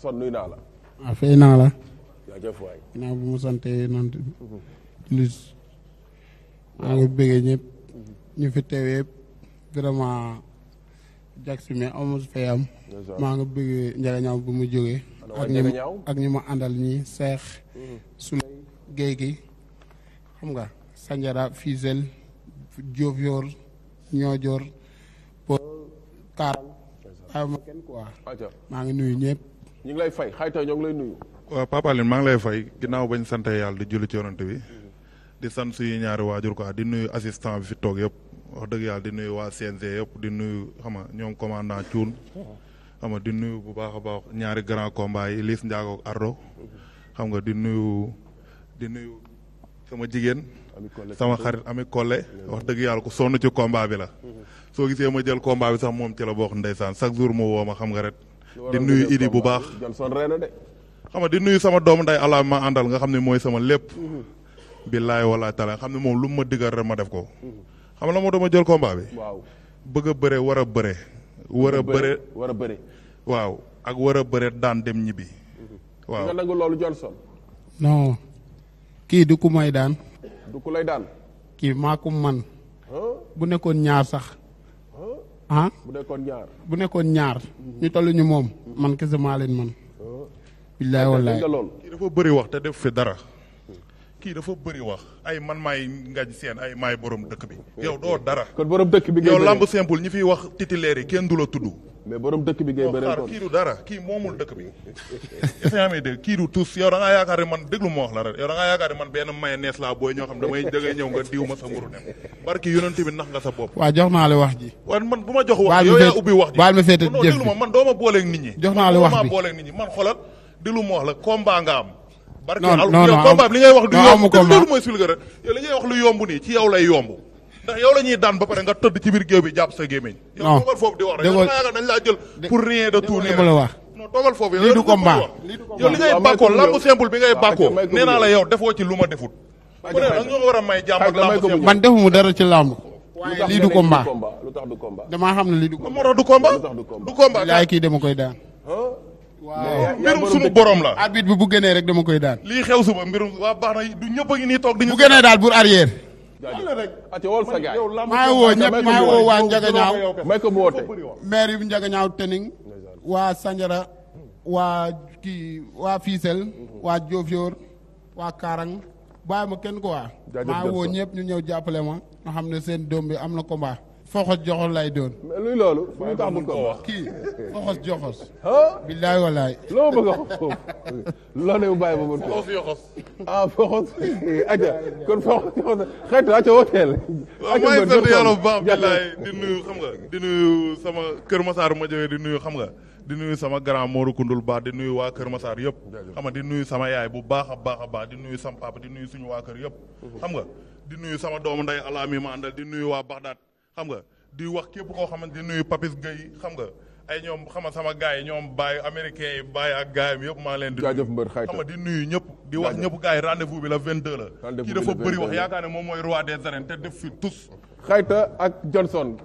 son nuyu naa la. Ah, naa la. jaajëf waay. ginnaaw bu mu sant naan. plus. maa ngi bëggee ñëpp. ñu fi teew yëpp vraiment jag si mais amul fay am. maa ngi bëggee njëriñam bu mu jógee. ak ñi ak ñi ma àndal ñi seex. su géej gi xam nga Sanjara Fisel Diouf Yor ñoo Joor. pour Kaar. maa ngi nuyu ñëpp. ñu ngi lay fay xayta ñoo ngi lay nuyu. waaw maa ngi lay fay ginnaaw bañ sant yàlla di julli ci yonante bi. di san suñu ñaari waajur quoi di nuyu assistant bi fi toog yëpp wax dëgg yàlla di nuyu waa CNG yëpp di nuyu xam nga ñoom commandant di nuyu bu baax a baax ñaari grand combat yi Liss Ndiago ak xam nga di nuyu di nuyu sama jigéen. sama xarit Ami Collé wax dëgg yàlla ku sonn ci combat bi la. soo gisee ma jël combat bi sax moom ci la bokk ndeysaan chaque jour mu woo ma xam nga rek. di nuyu idi bu baax xam nga di nuyu sama doomu nday ala ma àndal nga xam ne mooy sama lépp mm-hmm. billaay wala taala xam ne moom lu mu ma digal rek ma def ko mm-hmm. xam nga la ma dama jël combat bi bëgg a bëre war a bëre a bëre waaw ak war a bëre daan dem ñibbi mm-hmm. waaw nga nangu kii du ku may daan du ku lay kii maa man bu nekkoon ñaar sax ah bu nekkoon ñaar bu nekkoon ñaar ñu toll ñu moom man kese maa leen man billaay wallaay kii dafa bëri wax te def fi dara kii dafa bëri wax ay man maay ngañ seen ay maay borom dëkk bi yow doo dara kon borom dëkk bi yow lamb simple ñi fiy wax titulaire yi kenn du la tudd mais borom dëkk bi ngay bëreel kon kii du moomul dëkk bi. kii du tous yow da yaakaar ne man déglu ma wax la rek yow da yaakaar ne man benn maye nees laa booy ñoo xam damay dangay ñëw nga diw ma sa mburu dem barki yonent bi nax nga sa bopp. waaw jox naa la wax ji. waaw man bu ma jox wax. yow yaa wax ma féete jëf bi man doo ma nit ñi. jox naa la wax bi man doo ma lu yomb te loolu mooy sulga rek yow li wax lu yomb nii ci yow lay yomb ndax yow la ñuy daan ba pare nga tëdd ci biir géew bi jàpp sa gémmiñ. non yow foofu di wax rek yow dañ laa jël pour rien de tout nii rek. non toogal foofu du combat ma defut. ku ne nag ñoo war a may jàmm ak lamb simple man defu mu dara ci lamb. waaye lii du combat damaa xam ne lii du combat du kii dama koy daan mbirum suñu borom la arbitre bi bu génnee rek dama koy daan lii xew suba mbirum waa baax na ñëpp a ngi nii toog di bu génnee daal pour arrière yàlla rek ati wol sa gaay maa ngi woo ñëpp maa woo waa Njagañaaw may ko mu Njagañaaw Tening waa Sanjara waa kii waa Fiisel mhm. waa Diofior waa Kaarang bàyyi ma kenn ko waa maa woo ñëpp ñu ñëw jàppale ma nga xam ne seen doom bi am na combat foxos joxos lay doon. luy loolu. waaye tax mun ko wax foxos joxos. billaay walaay. loo bëgg a xof foofu. loo ko. foxos yoxos. ah foxos. aja kon foxos joxos xeetu aca baax billaay di nuyu xam nga di nuyu sama Kër Masaar ma jëwee di nuyu xam nga. di nuyu sama grand Morou Koundoul baax di nuyu waa Kër Masaar yëpp. xam nga di nuyu sama yaay bu baax a baax a baax di nuyu sama papa di nuyu suñu waa kër yëpp. Mhm. xam nga di nuyu sama doomu nday alaami ma àndal di nuyu waa Baxdaat xam nga di wax képp koo xamante di nuyu Papis Gueye xam nga ay ñoom xama sama gars ñoom bàyyi américain yi bàyyi ak gars yi yëpp leen di nuyu ñëpp di wax ñëpp gars yi rendez-vous bi la 22 kii dafa bëri wax yaakaar ne moom mooy roi des arènes te def fi tous xayta ak Johnson